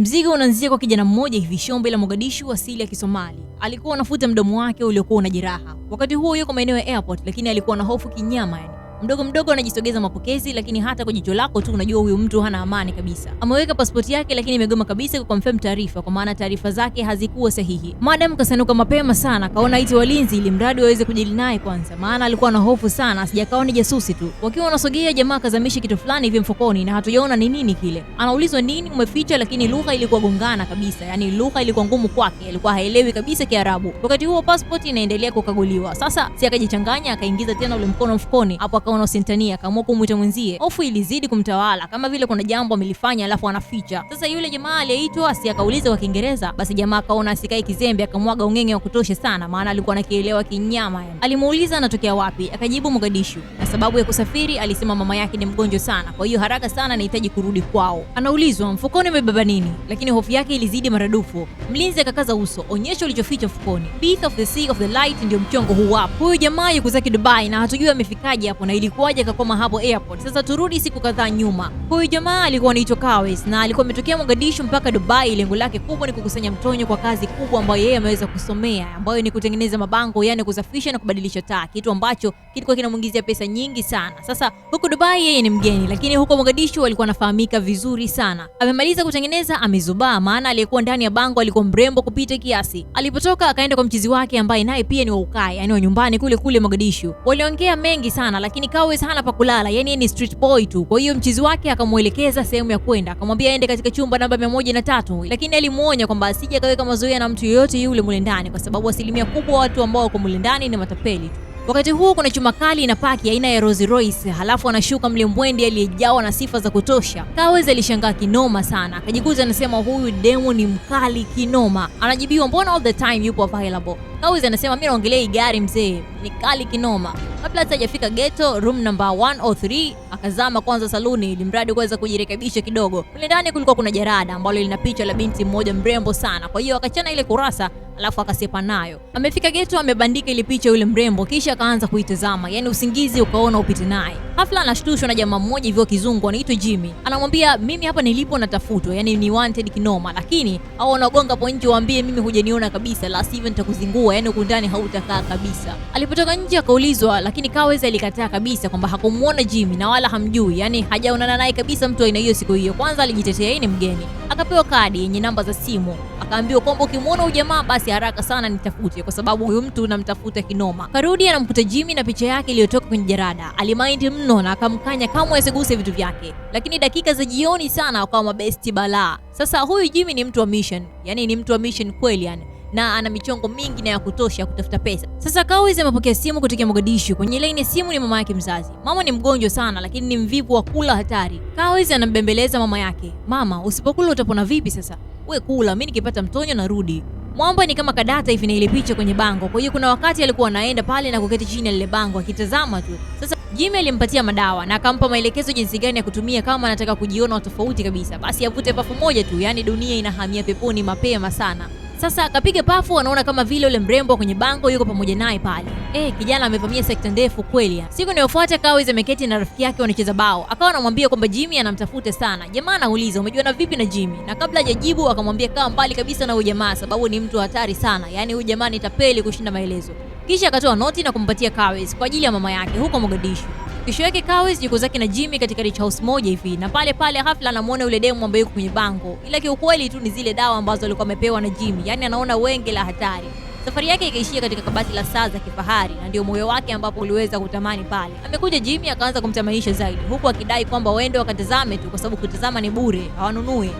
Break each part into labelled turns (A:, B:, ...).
A: Mzigo unaanzia kwa kijana mmoja hivi Shombe la Mogadishu asili ya Kisomali. Alikuwa anafuta mdomo wake uliokuwa una jeraha. Wakati huo yuko maeneo ya airport, lakini alikuwa na hofu kinyama yani. Mdogo mdogo anajisogeza mapokezi, lakini hata kwa jicho lako tu unajua huyu mtu hana amani kabisa. Ameweka pasipoti yake, lakini imegoma kabisa kwa confirm taarifa, kwa maana taarifa zake hazikuwa sahihi. Madam kasanuka mapema sana, kaona aite walinzi ili mradi waweze kujili naye kwanza, maana alikuwa na hofu sana, asijakawa ni jasusi tu. Wakiwa wanasogea, jamaa kazamisha kitu fulani hivi mfukoni na hatujaona ni nini kile. Anaulizwa nini umeficha, lakini lugha ilikuwa gongana kabisa, yani lugha ilikuwa ngumu kwake, alikuwa haelewi kabisa Kiarabu. Wakati huo pasipoti inaendelea kukaguliwa. Sasa si akajichanganya, akaingiza tena ule mkono mfukoni hapo akaona usentania, akaamua kumwita mwenzie. Hofu ilizidi kumtawala kama vile kuna jambo amelifanya alafu anaficha. Sasa yule jamaa aliyeitwa asi akauliza kwa Kiingereza, basi jamaa akaona asikae kizembe, akamwaga ungenge wa kutosha sana, maana alikuwa anakielewa kinyama. Yani alimuuliza anatokea wapi, akajibu Mogadishu, na sababu ya kusafiri alisema mama yake ni mgonjwa sana, kwa hiyo haraka sana anahitaji kurudi kwao. Anaulizwa mfukoni umebeba nini, lakini hofu yake ilizidi maradufu. Mlinzi akakaza uso, onyesha ulichoficha mfukoni. Teeth of the Sea of the Light ndio mchongo huu hapa. Huyu jamaa yuko zake Dubai na hatujui amefikaje hapo na ilikuwaje akakwama hapo airport? Sasa turudi siku kadhaa nyuma. Huyu jamaa alikuwa anaitwa Kawes na alikuwa ametokea Mogadishu mpaka Dubai. Lengo lake kubwa ni kukusanya mtonyo kwa kazi kubwa ambayo yeye ameweza kusomea, ambayo ni kutengeneza mabango, yani kusafisha na kubadilisha taa, kitu ambacho kilikuwa kinamwingizia pesa nyingi sana. Sasa huko Dubai yeye ni mgeni, lakini huko Mogadishu alikuwa anafahamika vizuri sana. Amemaliza kutengeneza, amezubaa, maana aliyekuwa ndani ya bango alikuwa mrembo kupita kiasi. Alipotoka akaenda kwa mchizi wake ambaye naye pia ni wa ukai, yani wa nyumbani kule kule Mogadishu. Waliongea mengi sana lakini ikawe sana pa kulala, yani ni street boy tu. Kwa hiyo mchizi wake akamwelekeza sehemu ya kwenda, akamwambia aende katika chumba namba 1tatu lakini alimuonya kwamba asije akaweka mazoea na mtu yoyote yule mule ndani, kwa sababu asilimia kubwa watu ambao wako mule ndani ni matapeli tu. Wakati huo kuna chuma kali na paki aina ya Rolls Royce, halafu anashuka mlimbwendi aliyejawa na sifa za kutosha. Cowes alishangaa kinoma sana, akajikuta anasema huyu demu ni mkali kinoma. Anajibiwa mbona all the time yupo available. Cowes anasema mimi naongelea hii gari mzee, ni kali kinoma. Kabla hata hajafika ghetto room number 103 akazama kwanza saluni ili mradi kuweza kujirekebisha kidogo. Kule ndani kulikuwa kuna jarada ambalo lina picha la binti mmoja mrembo sana, kwa hiyo akachana ile kurasa alafu akasepa nayo. Amefika geto, amebandika ile picha yule mrembo, kisha akaanza kuitazama, yani usingizi ukaona upite naye. Hafla anashtushwa na jamaa mmoja hivyo kizungu anaitwa Jimmy, anamwambia mimi hapa nilipo natafutwa, yani ni wanted kinoma, lakini au wanagonga hapo nje waambie mimi hujaniona kabisa, la sivyo nitakuzingua, yani huku ndani hautakaa kabisa. Alipotoka nje akaulizwa, lakini Kaweza alikataa kabisa kwamba hakumuona Jimmy na wala hamjui, yani hajaonana naye kabisa mtu aina hiyo siku hiyo. Kwanza alijitetea yeye ni mgeni, akapewa kadi yenye namba za simu Akaambiwa kwamba ukimwona huyu jamaa basi haraka sana nitafute, kwa sababu huyu mtu namtafuta kinoma. Karudi anamkuta Jimmy na picha yake iliyotoka kwenye jarada. Alimaindi mno na akamkanya kamwe asiguse vitu vyake, lakini dakika za jioni sana wakawa mabesti balaa. Sasa huyu Jimmy ni mtu wa mission, yani ni mtu wa mission kweli yani na ana michongo mingi na ya kutosha ya kutafuta pesa. Sasa Kawiz amepokea simu kutoka Mogadishu. Kwenye laini ya simu ni mama yake mzazi. Mama ni mgonjwa sana, lakini ni mvivu wa kula hatari. Kawiz anambembeleza mama yake, mama, usipokula utapona vipi? Sasa we kula, mi nikipata mtonyo narudi. Mwamba ni kama kadata hivi na ile picha kwenye bango. Kwa hiyo kuna wakati alikuwa anaenda pale na kuketi chini ya lile bango akitazama tu. Sasa Jimmy alimpatia madawa na akampa maelekezo jinsi gani ya kutumia kama anataka kujiona tofauti kabisa. Basi avute pafu moja tu, yani dunia inahamia peponi mapema sana. Sasa kapiga pafu, anaona kama vile yule mrembo kwenye bango yuko pamoja naye pale. Eh, kijana amevamia sekta ndefu kweli. Siku inayofuata Kawes ameketi na rafiki yake wanacheza bao, akawa anamwambia kwamba Jimmy anamtafuta sana. Jamaa anauliza umejuana vipi na Jimmy, na kabla hajajibu akamwambia kaa mbali kabisa na huyu jamaa, sababu ni mtu hatari sana, yaani huyu jamaa ni tapeli kushinda maelezo. Kisha akatoa noti na kumpatia Kawes kwa ajili ya mama yake huko Mogadishu. Kesho yake Kawes yuko zake na Jimmy katika rich house moja hivi, na pale pale hafla anamuona yule demu ambaye yuko kwenye bango, ila kiukweli tu ni zile dawa ambazo alikuwa amepewa na Jimmy, yaani anaona wenge la hatari. Safari yake ikaishia katika kabati la saa za kifahari, na ndio moyo wake ambapo uliweza kutamani pale. Amekuja Jimmy akaanza kumtamanisha zaidi, huku akidai kwamba waende wakatazame tu, kwa sababu kutazama ni bure, hawanunui.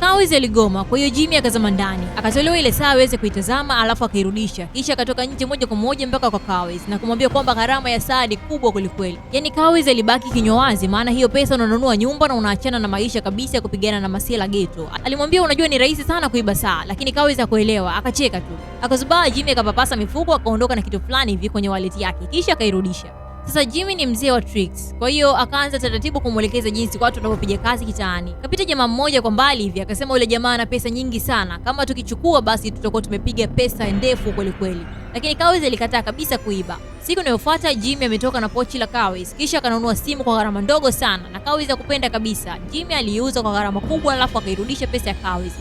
A: Kawezi aligoma, kwa hiyo Jimmy akazama ndani, akatolewa ile saa aweze kuitazama alafu akairudisha, kisha akatoka nje moja kwa moja mpaka kwa Kawezi na kumwambia kwamba gharama ya saa ni kubwa kwelikweli. Yaani Kawezi alibaki kinywa wazi, maana hiyo pesa unanunua nyumba na unaachana na maisha kabisa ya kupigana na masela geto. Alimwambia unajua, ni rahisi sana kuiba saa, lakini Kawezi hakuelewa, akacheka tu. Akazubaa Jimmy akapapasa mifuko, akaondoka na kitu fulani hivi kwenye wallet yake, kisha akairudisha. Sasa Jimmy ni mzee wa tricks, kwa hiyo akaanza taratibu kumwelekeza jinsi watu wanavyopiga kazi kitaani. Kapita jamaa mmoja kwa mbali hivi akasema, yule jamaa ana pesa nyingi sana, kama tukichukua basi tutakuwa tumepiga pesa ndefu kwelikweli, lakini Kawes alikataa kabisa kuiba. Siku inayofuata Jimmy ametoka na pochi la Kawes, kisha akanunua simu kwa gharama ndogo sana, na Kawes akupenda kabisa. Jimmy aliiuza kwa gharama kubwa, alafu akairudisha pesa ya Kawes.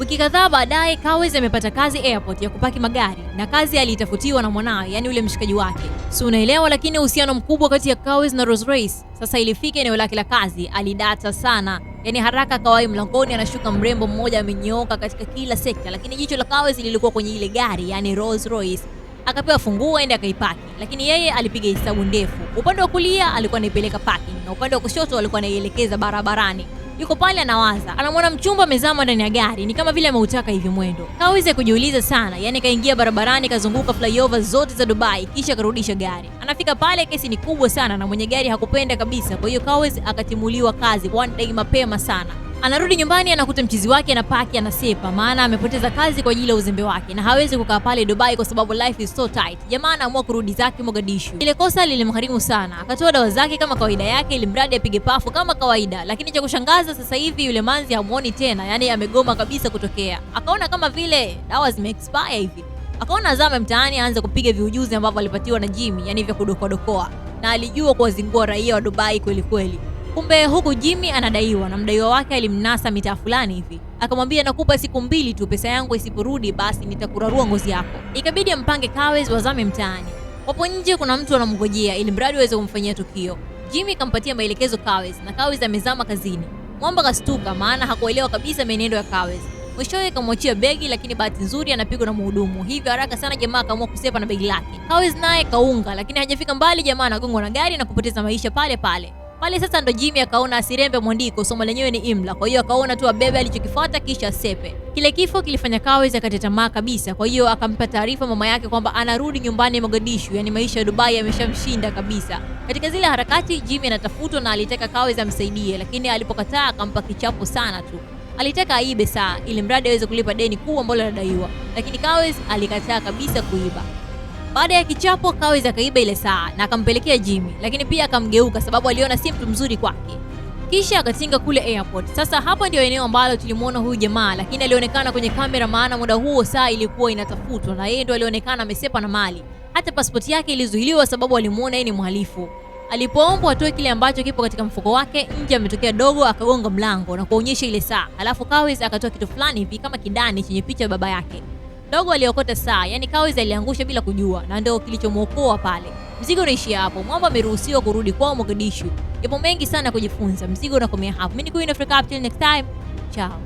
A: Wiki kadhaa baadaye Kawes amepata kazi airport ya kupaki magari na kazi aliitafutiwa na mwanawe, yani yule mshikaji wake. Si unaelewa? Lakini uhusiano mkubwa kati ya Kawes na Rose Race sasa ilifika eneo lake la kazi, alidata sana yani haraka kawai mlangoni, anashuka mrembo mmoja amenyooka katika kila sekta, lakini jicho la Kawes lilikuwa kwenye ile gari, yani Rolls Royce. Akapewa funguo aende akaipaki, lakini yeye alipiga hesabu ndefu. Upande wa kulia alikuwa anaipeleka parking na upande wa kushoto alikuwa anaielekeza barabarani yuko pale anawaza, anamwona mchumba amezama ndani ya gari, ni kama vile ameutaka hivi mwendo. Kaweze kujiuliza sana, yani kaingia barabarani, kazunguka flyover zote za Dubai, kisha akarudisha gari. Anafika pale, kesi ni kubwa sana na mwenye gari hakupenda kabisa, kwa hiyo Kaweze akatimuliwa kazi one day mapema sana. Anarudi nyumbani anakuta mchizi wake na paki anasepa, maana amepoteza kazi kwa ajili ya uzembe wake na hawezi kukaa pale Dubai kwa sababu life is so tight. Jamaa anaamua kurudi zake Mogadishu. Ile kosa lilimgharimu sana, akatoa dawa zake kama kawaida yake, ili mradi apige pafu kama kawaida. Lakini cha kushangaza, sasa hivi yule manzi hamuoni tena, yaani amegoma kabisa kutokea. Akaona kama vile dawa zimeexpire hivi, akaona azame mtaani, aanze kupiga viujuzi ambavyo alipatiwa na Jimmy, yani vya kudokoadokoa, na alijua kuwazingua raia wa Dubai kwelikweli. Kumbe huku Jimmy anadaiwa na mdaiwa wake alimnasa mitaa fulani hivi, akamwambia nakupa siku mbili tu, pesa yangu isiporudi basi nitakurarua ngozi yako. Ikabidi ampange Kawes wazame mtaani, wapo nje kuna mtu anamngojea ili mradi aweze kumfanyia tukio. Jimmy kampatia maelekezo Kawes na Kawes amezama kazini. Mwamba kastuka, maana hakuelewa kabisa menendo ya Kawes. Mwishowe kamwachia begi, lakini bahati nzuri anapigwa na mhudumu, hivyo haraka sana jamaa akaamua kusepa na begi lake. Kawes naye kaunga, lakini hajafika mbali, jamaa anagongwa na gari na kupoteza maisha pale pale. Pale sasa ndo Jimmy akaona asirembe mwandiko, somo lenyewe ni imla. Kwa hiyo akaona tu abebe alichokifuata kisha sepe. Kile kifo kilifanya Kawes akate tamaa kabisa, kwa hiyo akampa taarifa mama yake kwamba anarudi nyumbani Mogadishu, yani maisha ya Dubai yameshamshinda kabisa. Katika zile harakati Jimmy anatafutwa na alitaka Kawes amsaidie, lakini alipokataa akampa kichapo sana tu. Alitaka aibe saa ili mradi aweze kulipa deni kuu ambalo anadaiwa, lakini Kawes alikataa kabisa kuiba. Baada ya kichapo, Kawezi akaiba ile saa na akampelekea Jimmy, lakini pia akamgeuka sababu aliona si mtu mzuri kwake, kisha akatinga kule airport. Sasa hapa ndio eneo ambalo tulimwona huyu jamaa, lakini alionekana kwenye kamera, maana muda huo saa ilikuwa inatafutwa na yeye ndio alionekana amesepa na mali. Hata pasipoti yake ilizuiliwa sababu alimuona yeye ni mhalifu. Alipoombwa atoe kile ambacho kipo katika mfuko wake, nje ametokea dogo akagonga mlango na kuonyesha ile saa, alafu Kawezi akatoa kitu fulani hivi kama kidani chenye picha ya baba yake. Dogo aliokota saa, yani Kawezi aliangusha bila kujua, na ndio kilichomwokoa pale. Mzigo unaishia hapo. Mwamba ameruhusiwa kurudi kwao Mogadishu. Yapo mengi sana kujifunza. Mzigo unakomea hapo. Mimi ni Queen Africa, up till next time. Ciao.